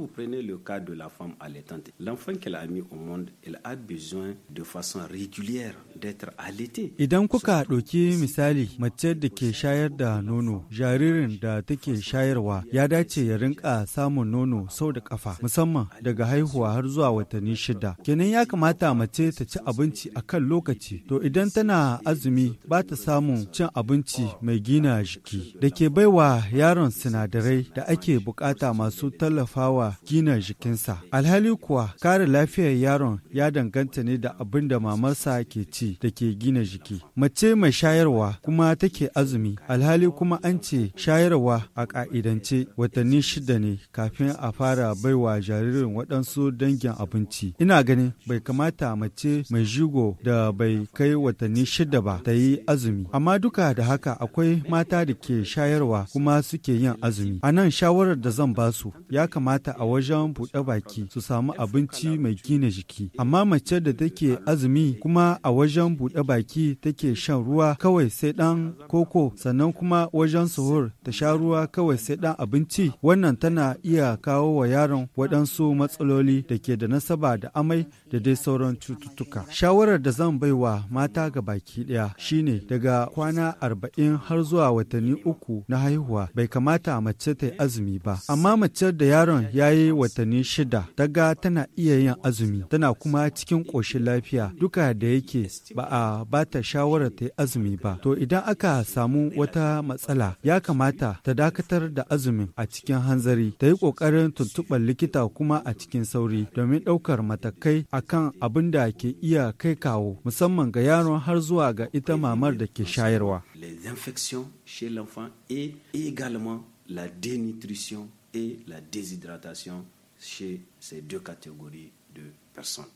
vous prenez le cas de la femme allaitante, l'enfant qu'elle a mis au monde, elle a besoin de façon régulière Idan kuka ɗauki misali mace da ke shayar da nono, jaririn da take shayarwa ya dace ya rinka samun nono sau da ƙafa, musamman daga haihuwa har zuwa watanni shida. Kenan ya kamata mace ta ci abinci a kan lokaci, to idan tana azumi ba ta samun cin abinci mai gina jiki, da ke baiwa yaron sinadarai da ake bukata masu tallafawa gina jikinsa. Alhali kuwa kare lafiyar yaron ya danganta ne da abin da mamarsa ke ci. da ke gina jiki mace mai shayarwa kuma take azumi alhali kuma an ce shayarwa a ka'idance watanni shida ne kafin a fara baiwa jaririn waɗansu dangin abinci ina ganin bai kamata mace mai jigo da bai kai watanni shida ba ta yi azumi amma duka da haka akwai mata da ke shayarwa kuma suke yin azumi a nan shawarar da zan ba su ya kamata a wajen buɗe baki su samu abinci mai gina jiki amma mace da take azumi kuma a wajen wajen buɗe baki take shan ruwa kawai sai ɗan koko sannan kuma wajen suhur ta sha ruwa kawai sai ɗan abinci wannan tana iya kawo wa yaron waɗansu matsaloli da ke da nasaba da amai da dai sauran cututtuka. Shawarar da zan baiwa mata ga baki ɗaya shine daga kwana arba'in har zuwa watanni uku na haihuwa bai kamata mace ta yi azumi ba. Amma mace da yaron ya yi watanni shida daga tana iya yin azumi tana kuma cikin ƙoshin lafiya duka da yake ba a ba ta shawarar ta yi azumi ba to idan aka samu wata matsala ya kamata ta dakatar da azumin a cikin hanzari ta yi ƙoƙarin tuntuɓar likita kuma a cikin sauri domin ɗaukar matakai akan abin da ke iya kai kawo musamman ga yaron har zuwa ga ita mamar da ke shayarwa. la dénutrition et la déshydratation chez ces deux catégories de personnes.